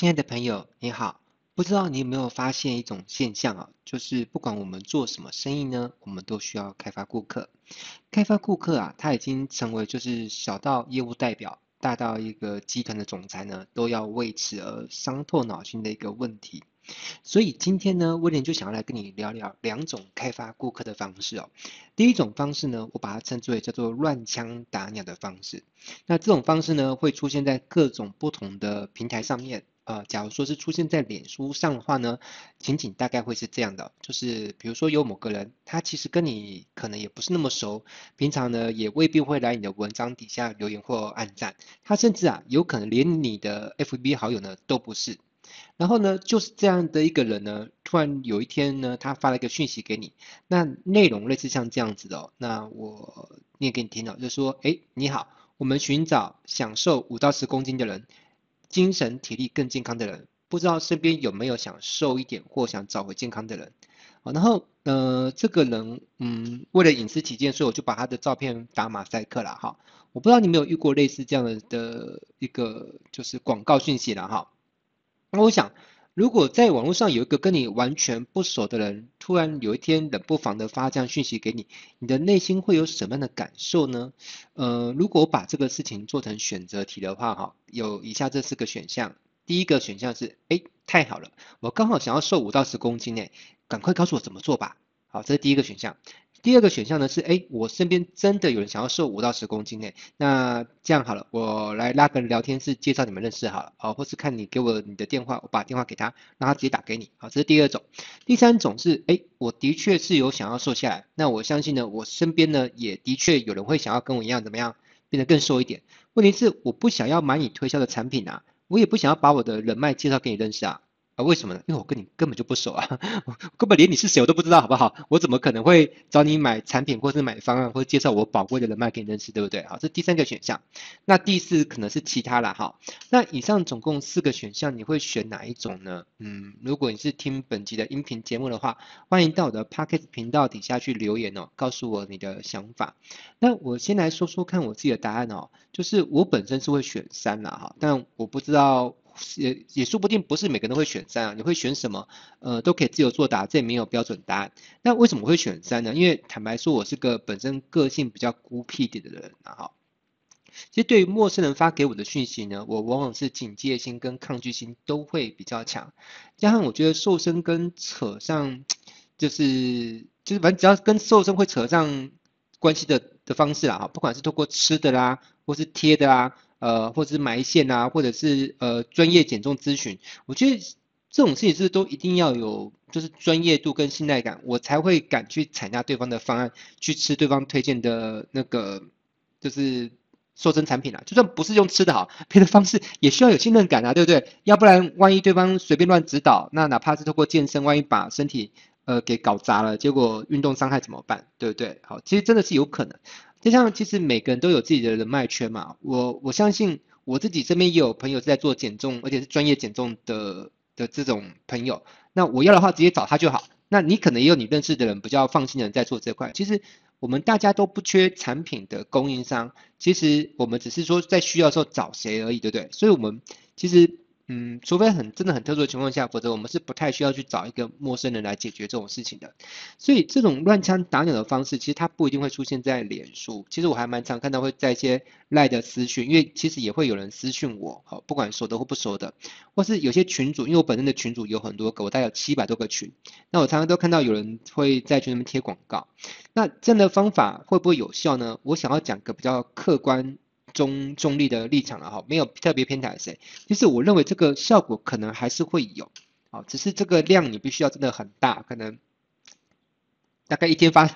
親愛的朋友，你好，不知道你有沒有發現一種現象啊？就是不管我們做什麼生意呢，我們都需要開發顧客。開發顧客啊，它已經成為就是小到業務代表，大到一個集團的總裁呢，都要為此而傷透腦筋的一個問題。所以今天呢，威廉就想要來跟你聊聊兩種開發顧客的方式哦。第一種方式呢，我把它稱之為叫做亂槍打鳥的方式。那這種方式呢，會出現在各種不同的平台上面。呃，假如說是出現在臉書上的話呢，情景大概會是這樣的，就是比如說有某個人，他其實跟你可能也不是那麼熟，平常呢也未必會來你的文章底下留言或按讚，他甚至啊有可能連你的 FB 好友呢都不是，然後呢就是這樣的一個人呢，突然有一天呢，他發了一個訊息給你，那內容類似像這樣子的哦，那我念給你聽啊哦，就是說，哎，你好，我們尋找享受五到十公斤的人。精神體力更健康的人，不知道身邊有沒有想瘦一點或想找回健康的人，然後呃，這個人，嗯，為了隱私起見，所以我就把他的照片打馬賽克了哈。我不知道你有沒有遇過類似這樣的的一個就是廣告訊息了哈。那我想。如果在網絡上有一個跟你完全不熟的人，突然有一天冷不防的發這樣訊息給你，你的內心會有什麼樣的感受呢？呃，如果我把這個事情做成選擇題的話，哈，有以下這四個選項。第一個選項是，哎、欸，太好了，我剛好想要瘦五到十公斤，哎，趕快告訴我怎麼做吧。好，這是第一個選項。第二個選項呢是，誒，我身邊真的有人想要瘦五到十公斤，哎，那這樣好了，我來拉個人聊天室介紹你們認識好了，好，或是看你給我你的電話，我把電話給他，讓他直接打給你，好，這是第二種。第三種是，誒，我的確是有想要瘦下來，那我相信呢，我身邊呢也的確有人會想要跟我一樣怎麼樣變得更瘦一點。問題是我不想要買你推銷的產品啊，我也不想要把我的人脈介紹給你認識啊。啊，為什麼呢？因為我跟你根本就不熟啊，根本連你是誰我都不知道，好不好？我怎麼可能會找你買產品，或是買方案，或者介紹我寶貴的人脈給你認識，對不對？好，這是第三個選項。那第四可能是其他了哈。那以上總共四個選項，你會選哪一種呢？嗯，如果你是聽本集的音頻節目的話，歡迎到我的 Podcast 頻道底下去留言哦，告訴我你的想法。那我先來說說看我自己的答案哦，就是我本身是會選三啦。哈，但我不知道。也也說不定不是每個人都會選三啊，你會選什麼？呃，都可以自由作答，這也沒有標準答案。那為什麼會選三呢？因為坦白說，我是個本身個性比較孤僻一點的人啊。哈，其實對於陌生人發給我的訊息呢，我往往是警戒心跟抗拒心都會比較強。加上我覺得瘦身跟扯上就是就是反正只要跟瘦身會扯上關係的的方式啊，不管是透過吃的啦，或是貼的啦。呃，或者是埋線啊，或者是呃專業減重諮詢，我覺得這種事情是不是都一定要有，就是專業度跟信賴感，我才會敢去採納對方的方案，去吃對方推薦的那個就是瘦身產品啊。就算不是用吃的好，別的方式也需要有信任感啊，對不對？要不然萬一對方隨便亂指導，那哪怕是透過健身，萬一把身體呃給搞砸了，結果運動傷害怎麼辦？對不對？好，其實真的是有可能。就像其實每個人都有自己的人脈圈嘛，我我相信我自己身邊也有朋友是在做減重，而且是專業減重的的這種朋友。那我要的話，直接找他就好。那你可能也有你認識的人、比較放心的人在做這塊。其實我們大家都不缺產品的供應商，其實我們只是說在需要的時候找誰而已，對不對？所以我們其實。嗯，除非很真的很特殊的情況下，否則我們是不太需要去找一個陌生人來解決這種事情的。所以這種亂槍打鳥的方式，其實它不一定會出現在臉書。其實我還蠻常看到會在一些賴的私訊，因為其實也會有人私訊我，好，不管說的或不說的，或是有些群組，因為我本身的群組有很多個，我大概有七百多個群，那我常常都看到有人會在群裡面貼廣告。那這樣的方法會不會有效呢？我想要講個比較客觀，中中立的立場了哈，沒有特別偏袒誰，就是我認為這個效果可能還是會有，好，只是這個量你必須要真的很大，可能大概一天發，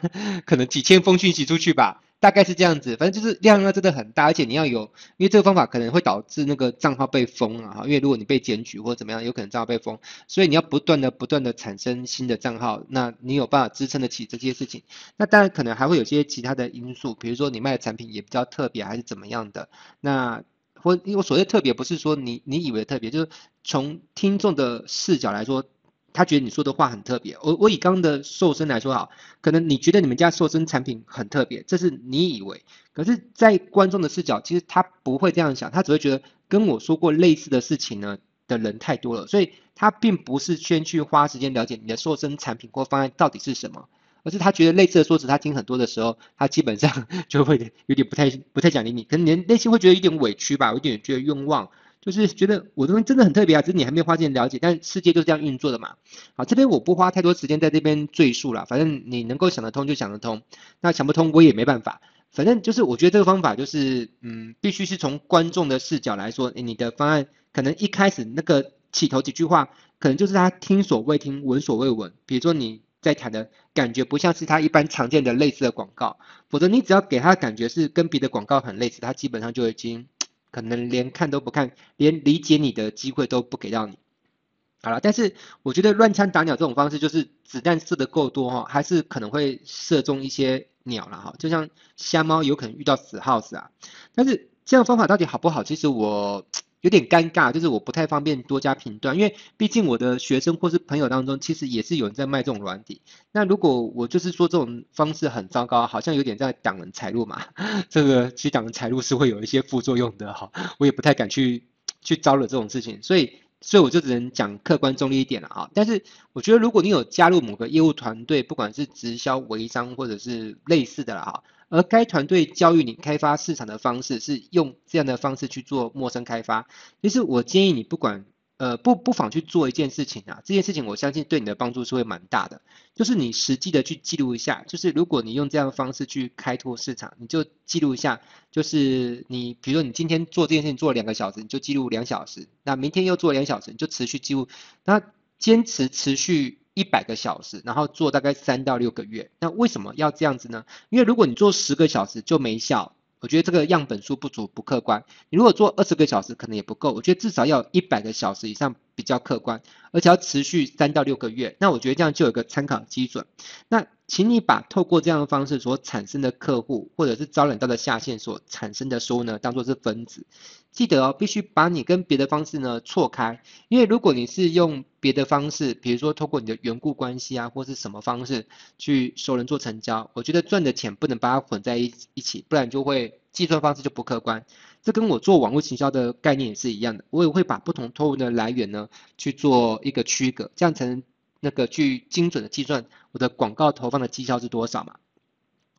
可能幾千封信寄出去吧。大概是這樣子，反正就是量要真的很大，而且你要有，因為這個方法可能會導致那個賬號被封啊。因為如果你被檢舉或怎麼樣，有可能賬號被封，所以你要不斷的不斷的產生新的賬號，那你有辦法支撐得起這些事情？那當然可能還會有些其他的因素，比如說你賣的產品也比較特別還是怎麼樣的，那或因為我所謂特別不是說你你以為特別，就是從聽眾的視角來說。他覺得你說的話很特別。我我以剛，剛的瘦身來說哈，可能你覺得你們家瘦身產品很特別，這是你以為。可是，在觀眾的視角，其實他不會這樣想，他只會覺得跟我說過類似的事情呢的人太多了，所以他並不是先去花時間了解你的瘦身產品或方案到底是什麼，而是他覺得類似的說辭他聽很多的時候，他基本上就會有點，有點不太不太講理你，可能你內心會覺得有點委屈吧，有點覺得冤枉。就是覺得我這邊真的很特別啊，只是你還沒有花錢了解，但世界就是這樣運作的嘛。好，這邊我不花太多時間在這邊贅述了，反正你能夠想得通就想得通，那想不通我也沒辦法。反正就是我覺得這個方法就是，嗯，必須是從觀眾的視角來說，你的方案可能一開始那個起頭幾句話，可能就是他聽所未聽、聞所未聞。比如說你在談的感覺不像是他一般常見的類似的廣告，否則你只要給他的感覺是跟別的廣告很類似，他基本上就已經。可能連看都不看，連理解你的機會都不給到你。好了，但是我覺得亂槍打鳥這種方式，就是子彈射得夠多哈，還是可能會射中一些鳥了哈。就像瞎貓有可能遇到死耗子啊，但是這樣的方法到底好不好？其實我。有點尷尬，就是我不太方便多加評斷，因為畢竟我的學生或是朋友當中，其實也是有人在賣這種軟體。那如果我就是說這種方式很糟糕，好像有點在擋人財路嘛。這個其實擋人財路是會有一些副作用的哈，我也不太敢去去招惹這種事情，所以所以我就只能講客觀中立一點了哈，但是我覺得，如果你有加入某個業務團隊，不管是直銷、微商或者是類似的了哈。而該團隊教育你開發市場的方式，是用這樣的方式去做陌生開發，其實我建議你不管呃，不不妨去做一件事情啊，這件事情我相信對你的幫助是會蠻大的，就是你實際的去記錄一下，就是如果你用這樣的方式去開拓市場，你就記錄一下，就是你比如說你今天做這件事情做兩個小時，你就記錄兩小時，那明天又做兩小時，你就持續記錄，那堅持持續。一百個小時，然後做大概三到六個月。那為什麼要這樣子呢？因為如果你做十個小時就沒效，我覺得這個樣本數不足，不客觀。你如果做二十個小時，可能也不夠，我覺得至少要一百個小時以上。比較客觀，而且要持續三到六個月。那我覺得這樣就有個參考基準。那請你把透過這樣的方式所產生的客戶，或者是招攬到的下線所產生的收入呢，當做是分子。記得哦，必須把你跟別的方式呢錯開，因為如果你是用別的方式，比如說透過你的緣故關係啊，或是什麼方式去收人做成交，我覺得賺的錢不能把它混在一一起，不然就會計算方式就不客觀。這跟我做網絡營銷的概念也是一樣的，我也會把不同投入的來源呢去做一個區隔，這樣才能那個去精準的計算我的廣告投放的績效是多少嘛。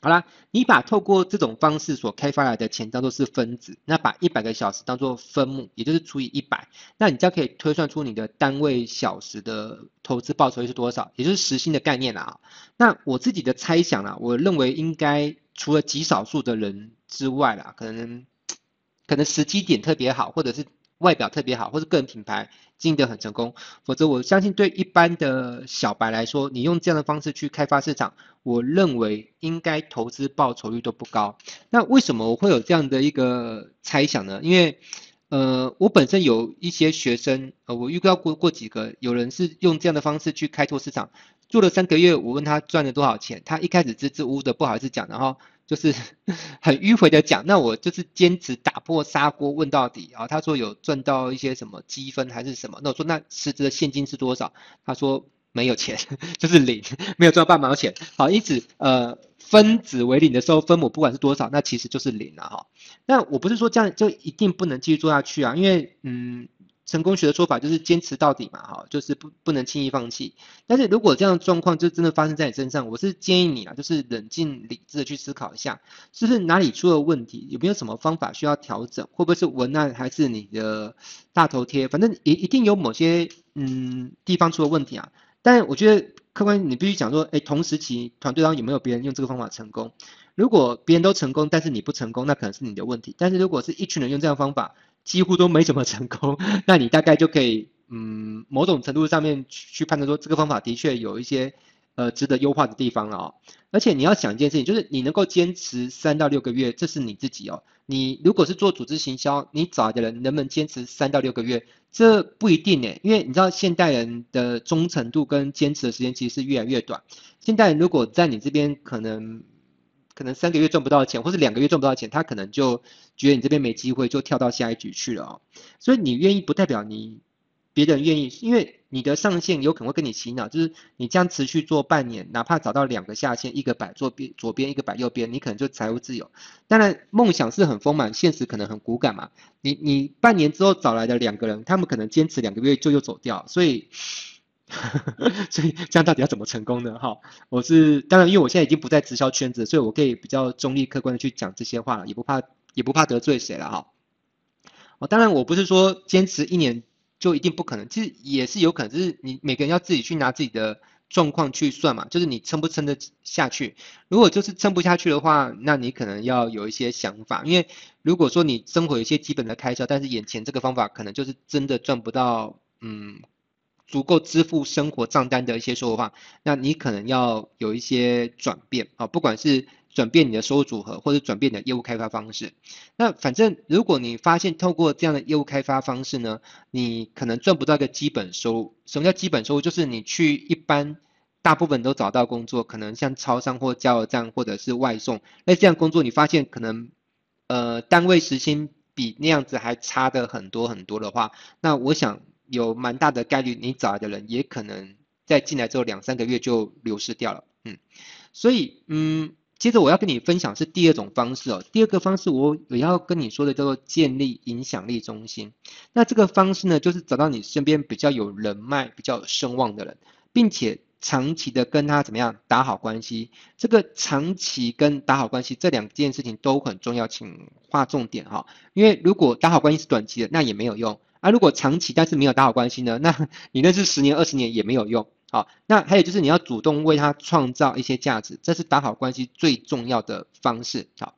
好啦，你把透過這種方式所開發來的錢當做是分子，那把一百個小時當做分母，也就是除以一百，那你這樣可以推算出你的單位小時的投資報酬是多少，也就是實心的概念啦。那我自己的猜想啦，我認為應該除了極少數的人之外啦，可能。可能時機點特別好，或者是外表特別好，或者是個人品牌經營得很成功，否則我相信對一般的小白來說，你用這樣的方式去開發市場，我認為應該投資報酬率都不高。那為什麼我會有這樣的一個猜想呢？因為，呃，我本身有一些學生，呃，我遇到過過幾個，有人是用這樣的方式去開拓市場，做了三個月，我問他賺了多少錢，他一開始支支吾吾的不好意思講，然後。就是很迂迴的講，那我就是堅持打破砂鍋問到底啊、哦。他說有賺到一些什麼積分還是什麼？那我說那實質的現金是多少？他說沒有錢，就是零，沒有賺半毛錢。好，因此呃，分子為零的時候，分母不管是多少，那其實就是零了、啊、哈。那我不是說這樣就一定不能繼續做下去啊，因為嗯。成功學的說法就是堅持到底嘛，哈，就是不不能輕易放棄。但是如果這樣狀況就真的發生在你身上，我是建議你啊，就是冷靜理智的去思考一下，是不是哪裡出了問題，有沒有什麼方法需要調整，會不會是文案還是你的大頭貼，反正一一定有某些嗯地方出了問題啊。但我覺得客觀你必須講說，欸，同時期團隊當中有沒有別人用這個方法成功？如果別人都成功，但是你不成功，那可能是你的問題。但是如果是一群人用這樣的方法，幾乎都沒怎麼成功，那你大概就可以，嗯，某種程度上面去判斷說，這個方法的確有一些，呃，值得優化的地方了啊、哦。而且你要想一件事情，就是你能夠堅持三到六個月，這是你自己哦。你如果是做組織行銷，你找的人能不能堅持三到六個月，這不一定呢，因為你知道現代人的忠誠度跟堅持的時間其實是越來越短。現代人如果在你這邊可能。可能三個月賺不到錢，或是兩個月賺不到錢，他可能就覺得你這邊沒機會，就跳到下一局去了哦。所以你願意不代表你別人願意，因為你的上線有可能會跟你洗腦，就是你這樣持續做半年，哪怕找到兩個下線，一個擺左邊，一個擺右邊，你可能就財務自由。當然夢想是很豐滿，現實可能很骨感嘛。你你半年之後找來的兩個人，他們可能堅持兩個月就又走掉，所以。 所以這樣到底要怎麼成功呢？哈，我是當然，因為我現在已經不在直銷圈子了，所以我可以比較中立客觀的去講這些話了，也不怕也不怕得罪誰了哈。哦，當然我不是說堅持一年就一定不可能，其實也是有可能，就是你每個人要自己去拿自己的狀況去算嘛，就是你撐不撐得下去。如果就是撐不下去的話，那你可能要有一些想法，因為如果說你生活有一些基本的開銷，但是眼前這個方法可能就是真的賺不到，嗯。足夠支付生活賬單的一些收入的話，那你可能要有一些轉變啊，不管是轉變你的收入組合，或者轉變你的業務開發方式。那反正如果你發現透過這樣的業務開發方式呢，你可能賺不到一個基本收入。什麼叫基本收入？就是你去一般大部分都找到工作，可能像超商或加油站或者是外送，那這樣工作你發現可能呃單位時薪比那樣子還差得很多很多的話，那我想。有蠻大的概率，你找的人也可能在進來之後兩三個月就流失掉了，嗯，所以，嗯，接着我要跟你分享是第二種方式哦，第二個方式我我要跟你說的叫做建立影響力中心。那這個方式呢，就是找到你身邊比較有人脈、比較有聲望的人，並且長期的跟他怎麼樣打好關係。這個長期跟打好關係這兩件事情都很重要，請劃重點哈、哦，因為如果打好關係是短期的，那也沒有用。那、啊、如果長期但是沒有打好關係呢？那你認識十年二十年也沒有用。好，那還有就是你要主動為他創造一些價值，這是打好關係最重要的方式。好，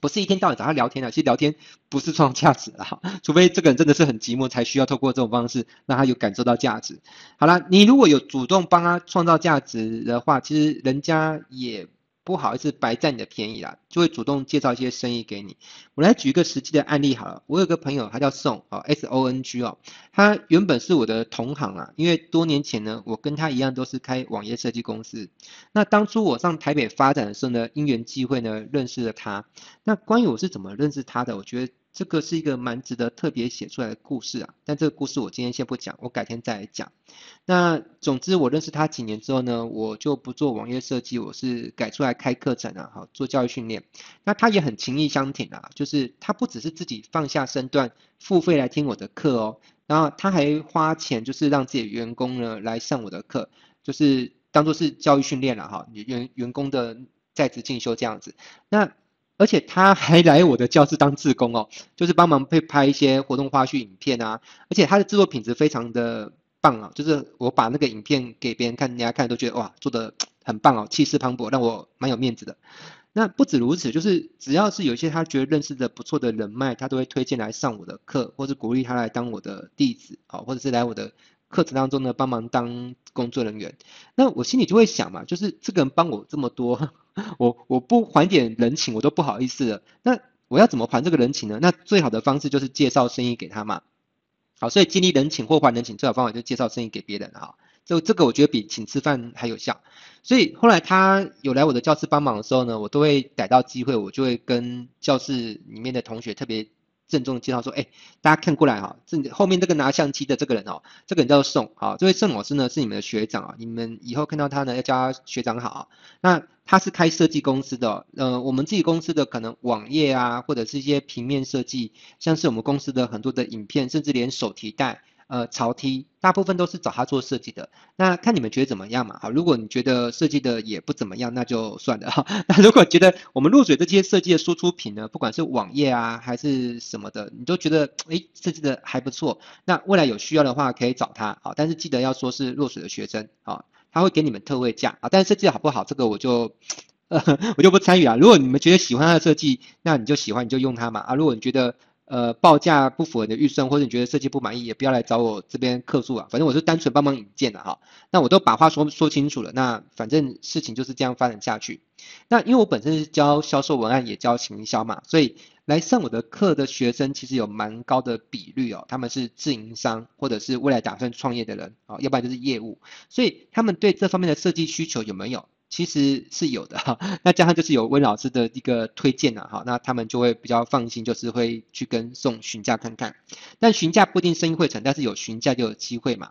不是一天到晚找他聊天啊，其實聊天不是創造價值啊，除非這個人真的是很寂寞，才需要透過這種方式讓他有感受到價值。好了，你如果有主動幫他創造價值的話，其實人家也。不好意思，白占你的便宜啦，就會主動介紹一些生意給你。我來舉一個實際的案例好了，我有個朋友，他叫宋哦，S O N G 哦，他原本是我的同行啊，因為多年前呢，我跟他一樣都是開網頁設計公司。那當初我上台北發展的時候呢，因緣際會呢認識了他。那關於我是怎麼認識他的，我覺得。這個是一個蠻值得特別寫出來的故事啊，但這個故事我今天先不講，我改天再來講。那總之我認識他幾年之後呢，我就不做網頁設計，我是改出來開課程了，啊、哈，做教育訓練。那他也很情義相挺啊，就是他不只是自己放下身段付費來聽我的課哦，然後他還花錢就是讓自己的員工呢來上我的課，就是當做是教育訓練了，啊、哈，員員工的在職進修這樣子。那而且他還來我的教室當志工哦，就是幫忙配拍一些活動花絮影片啊。而且他的製作品質非常的棒哦、啊，就是我把那個影片給別人看，人家看都覺得哇，做得很棒哦，氣勢磅礴，讓我蠻有面子的。那不止如此，就是只要是有一些他覺得認識的不錯的人脈，他都會推薦來上我的課，或是鼓勵他來當我的弟子哦，或者是來我的。課程當中呢，幫忙當工作人員，那我心裡就會想嘛，就是這個人幫我這麼多，我我不還點人情，我都不好意思了。那我要怎麼還這個人情呢？那最好的方式就是介紹生意給他嘛。好，所以建立人情或還人情，最好的方法就介紹生意給別人啊。就這個我覺得比請吃飯還有效。所以後來他有來我的教室幫忙的時候呢，我都會逮到機會，我就會跟教室裡面的同學特別。鄭重介紹說：“哎，大家看過來哈，這後面這個拿相機的這個人哦，這個人叫宋，這位宋老師呢是你們的學長啊，你們以後看到他呢要叫他學長好。那他是開設計公司的，呃，我們自己公司的可能網頁啊，或者是一些平面設計，像是我們公司的很多的影片，甚至連手提袋。”呃，朝梯，大部分都是找他做設計的，那看你們覺得怎麼樣嘛？好，如果你覺得設計的也不怎麼樣，那就算了。哦、那如果覺得我們落水這些設計的輸出品呢，不管是網頁啊還是什麼的，你都覺得誒，設計的還不錯，那未來有需要的話可以找他。好、哦，但是記得要說是落水的學生，啊、哦，他會給你們特惠價。啊、哦，但是設計的好不好這個我就、呃，我就不參與啊。如果你們覺得喜歡他的設計，那你就喜歡你就用他嘛。啊，如果你覺得。呃，報價不符合你的預算，或者你覺得設計不滿意，也不要來找我這邊客訴啊。反正我是單純幫忙引薦的，啊，哈。那我都把話說說清楚了，那反正事情就是這樣發展下去。那因為我本身是教銷售文案，也教行銷嘛，所以來上我的課的學生其實有蠻高的比率哦。他們是自營商，或者是未來打算創業的人，哦，要不然就是業務，所以他們對這方面的設計需求有沒有？其實是有的哈，那加上就是有溫老師的一個推薦哈，那他們就會比較放心，就是會去跟宋詢價看看，但詢價不一定生意會成，但是有詢價就有機會嘛。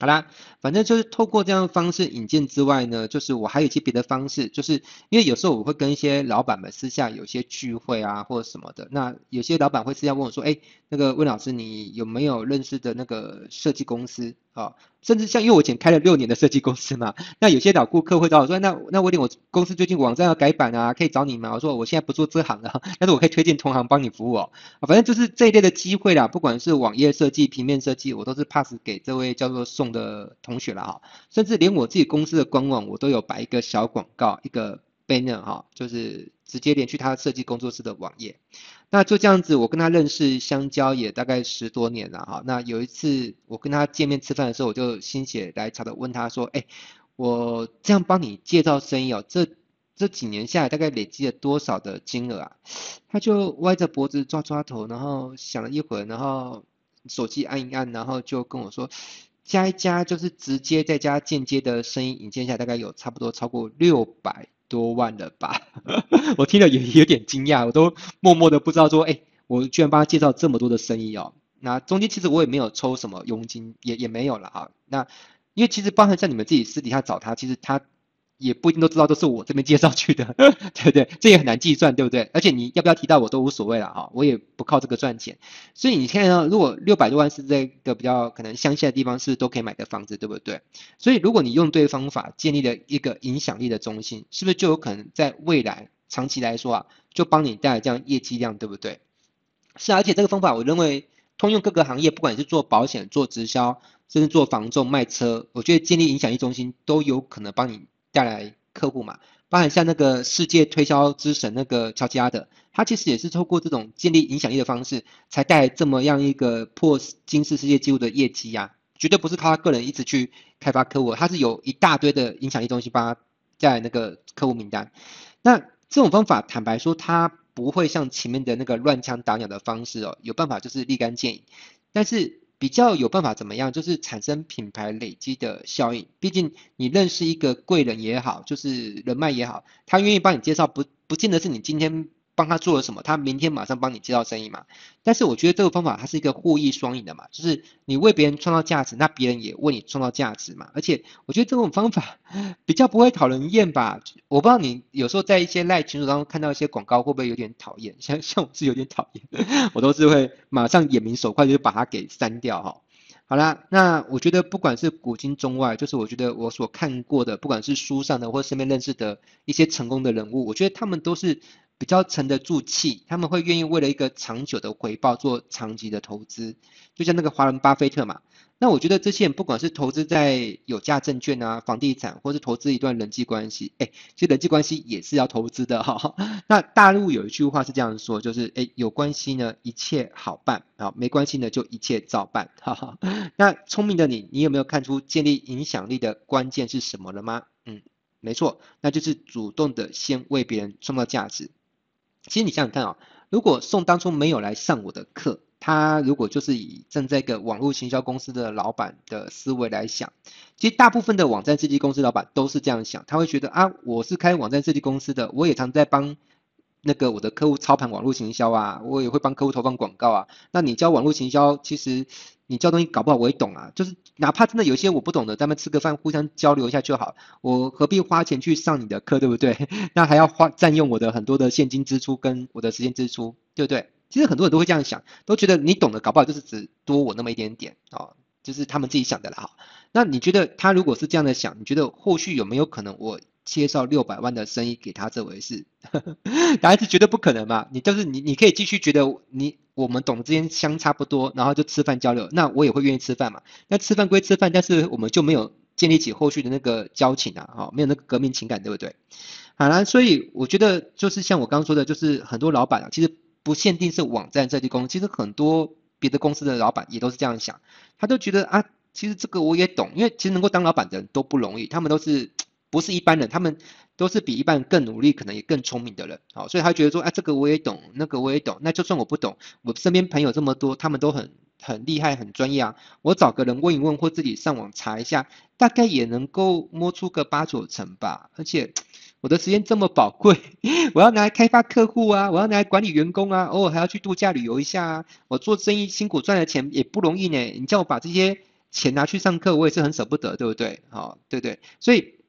好啦，反正就是透過這樣的方式引薦之外呢，就是我還有一些別的方式，就是因為有時候我會跟一些老板們私下有些聚會啊或者什麼的，那有些老板會私下問我說，哎，那個溫老師你有沒有認識的那個設計公司？好，甚至像因為我以前開了六年的設計公司嘛，那有些老顧客會找我說：“那那我點我公司最近網站要改版啊，可以找你嗎？”我說：“我現在不做這行了啊，但是我可以推薦同行幫你服務哦。”反正就是這一類的機會啦，不管是網頁設計、平面設計，我都是 pass 給這位叫做宋的同學了哈。甚至連我自己公司的官網，我都有擺一個小廣告一個 banner 哈，就是。直接連去他設計工作室的網頁，那就這樣子，我跟他認識相交也大概十多年了哈。那有一次我跟他見面吃飯的時候，我就心血來潮的問他說：“哎、欸，我這樣幫你介紹生意哦，這這幾年下來大概累積了多少的金額啊？”他就歪着脖子抓抓頭，然後想了一會兒，然後手機按一按，然後就跟我說：“加一加，就是直接再加間接的生意，引薦下大概有差不多超過六百。”多萬了吧， 我聽了也有點驚訝，我都默默的不知道說，哎、欸，我居然幫他介紹這麼多的生意哦。那中間其實我也沒有抽什麼佣金，也也沒有了啊。那因為其實包含在你們自己私底下找他，其實他。也不一定都知道都是我這邊介紹去的，對不對？這也很難計算，對不對？而且你要不要提到我都無所謂了哈，我也不靠這個賺錢。所以你看呢？如果六百多萬是這個比較可能鄉下的地方，是不是都可以買的房子，對不對？所以如果你用對方法建立了一個影響力的中心，是不是就有可能在未來長期來說啊，就幫你帶來這樣業績量，對不對？是啊，而且這個方法我認為通用各個行業，不管是做保險、做直銷，甚至做房仲賣車，我覺得建立影響力中心都有可能幫你。帶來客戶嘛，包含像那個世界推銷之神那個喬吉拉德。他其實也是透過這種建立影響力的方式，才帶來這麼樣一個破金氏世界紀錄的業績呀，啊，絕對不是靠他個人一直去開發客戶，他是有一大堆的影響力東西幫他帶來那個客戶名單。那這種方法坦白說，他不會像前面的那個亂槍打鳥的方式哦，有辦法就是立竿見影，但是。比較有辦法怎麼樣？就是產生品牌累積的效應。畢竟你認識一個貴人也好，就是人脈也好，他願意幫你介紹，不不，見得，是你今天。幫他做了什麼？他明天馬上幫你接到生意嘛？但是我覺得這個方法它是一個互益雙贏的嘛，就是你為別人創造價值，那別人也為你創造價值嘛。而且我覺得這種方法比較不會討人厭吧？我不知道你有時候在一些賴群組當中看到一些廣告會不會有點討厭？像像我是有點討厭，我都是會馬上眼明手快就把它給刪掉哈、哦。好啦。那我覺得不管是古今中外，就是我覺得我所看過的，不管是書上的或者身邊認識的一些成功的人物，我覺得他們都是。比較沉得住氣，他們會願意為了一個長久的回報做長期的投資，就像那個華人巴菲特嘛。那我覺得這些人不管是投資在有價證券啊、房地產，或是投資一段人際關係，誒、欸、這人際關係也是要投資的哈、哦。那大陸有一句話是這樣說，就是哎、欸，有關係呢一切好辦啊，然後沒關係呢就一切照辦。 那聰明的你，你有沒有看出建立影響力的關鍵是什麼了嗎？嗯，沒錯，那就是主動的先為別人創造價值。其實你想想看啊、哦，如果宋當初沒有來上我的課，他如果就是以站在一個網絡行銷公司的老闆的思維來想，其實大部分的網站設計公司老闆都是這樣想，他會覺得啊，我是開網站設計公司的，我也常在幫。那個我的客戶操盤網絡行銷啊，我也會幫客戶投放廣告啊。那你教網絡行銷，其實你教東西搞不好我也懂啊，就是哪怕真的有些我不懂的，咱們吃個飯互相交流一下就好，我何必花錢去上你的課，對不對？那還要花佔用我的很多的現金支出跟我的時間支出，對不對？其實很多人都會這樣想，都覺得你懂的搞不好就是只多我那麼一點點哦，就是他們自己想的啦。好，那你覺得他如果是這樣的想，你覺得後續有沒有可能我？介紹六百萬的生意給他，這回事，但是覺得不可能嘛？你就是你，你可以繼續覺得你我們懂之間相差不多，然後就吃飯交流。那我也會願意吃飯嘛？那吃飯歸吃飯，但是我們就沒有建立起後續的那個交情啊，哦，沒有那個革命情感，對不對？好啦，所以我覺得就是像我剛剛說的，就是很多老板啊，其實不限定是網站設計公司。其實很多別的公司的老板也都是這樣想，他都覺得啊，其實這個我也懂，因為其實能夠當老板的人都不容易，他們都是。不是一般人，他們都是比一般人更努力，可能也更聰明的人。好，所以他覺得說，哎、啊，這個我也懂，那個我也懂。那就算我不懂，我身邊朋友這麼多，他們都很很厲害，很專業啊。我找個人問一問，或自己上網查一下，大概也能夠摸出個八九成吧。而且我的時間這麼寶貴，我要拿來開發客戶啊，我要拿來管理員工啊，偶爾還要去度假旅遊一下啊。我做生意辛苦賺的錢也不容易呢，你叫我把這些錢拿去上課，我也是很捨不得，對不對？好，對不對？所以。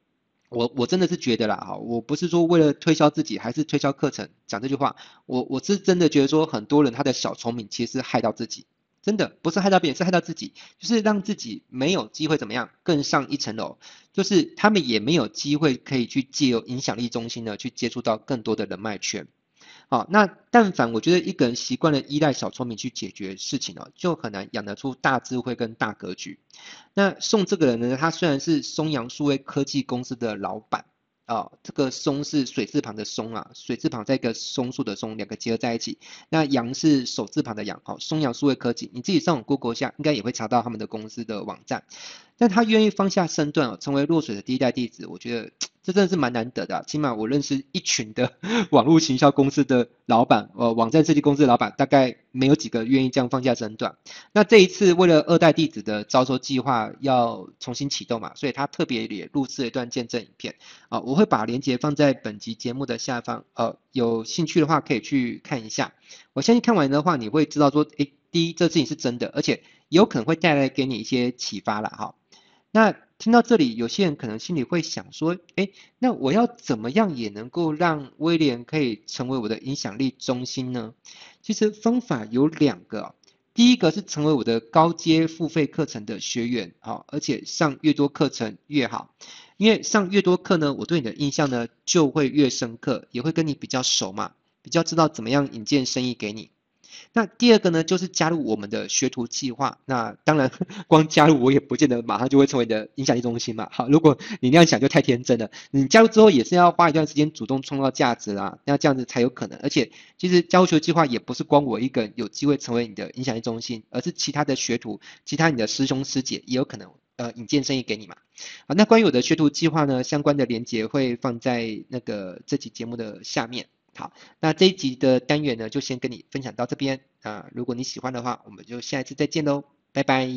我我真的是覺得啦，哈，我不是說為了推銷自己，還是推銷課程，講這句話，我我是真的覺得說，很多人他的小聰明其實是害到自己，真的不是害到別人，是害到自己，就是讓自己沒有機會怎麼樣更上一層樓，就是他們也沒有機會可以去借由影響力中心呢去接觸到更多的人脈圈。好，那但凡我覺得一個人習慣了依賴小聰明去解決事情哦，就很難養得出大智慧跟大格局。那宋這個人呢，他雖然是松洋數位科技公司的老板哦，這個松是水字旁的松啊，水字旁再一個松樹的松兩個結合在一起。那洋是手字旁的洋哦，好，松洋數位科技，你自己上網 Google 下，應該也會查到他們的公司的網站。但他願意放下身段哦，成為落水的第一代弟子，我覺得這真的是蠻難得的啊。起碼我認識一群的網絡行銷公司的老闆，呃，網站設計公司的老闆，大概沒有幾個願意這樣放下身段。那這一次為了二代弟子的招收計劃要重新啟動嘛，所以他特別也錄製了一段見證影片，啊，呃，我會把鏈接放在本集節目的下方，呃，有興趣的話可以去看一下。我相信看完的話，你會知道說，誒，第一，這事情是真的，而且有可能會帶來給你一些啟發了哈。那聽到這裡，有些人可能心裡會想說：“誒，那我要怎麼樣也能夠讓威廉可以成為我的影響力中心呢？”其實方法有兩個，第一個是成為我的高階付費課程的學員，好，而且上越多課程越好，因為上越多課呢，我對你的印象呢就會越深刻，也會跟你比較熟嘛，比較知道怎麼樣引薦生意給你。那第二個呢，就是加入我們的學徒計劃。那當然，光加入我也不見得馬上就會成為你的影響力中心嘛。好，如果你那樣想就太天真了。你加入之後也是要花一段時間主動創造價值啦，那這樣子才有可能。而且，其實教學計劃也不是光我一個人有機會成為你的影響力中心，而是其他的學徒、其他你的師兄師姐也有可能，呃，引薦生意給你嘛。好，那關於我的學徒計劃呢，相關的鏈接會放在那個這期節目的下面。好，那這一集的單元呢，就先跟你分享到這邊啊。如果你喜歡的話，我們就下一次再見嘍，拜拜。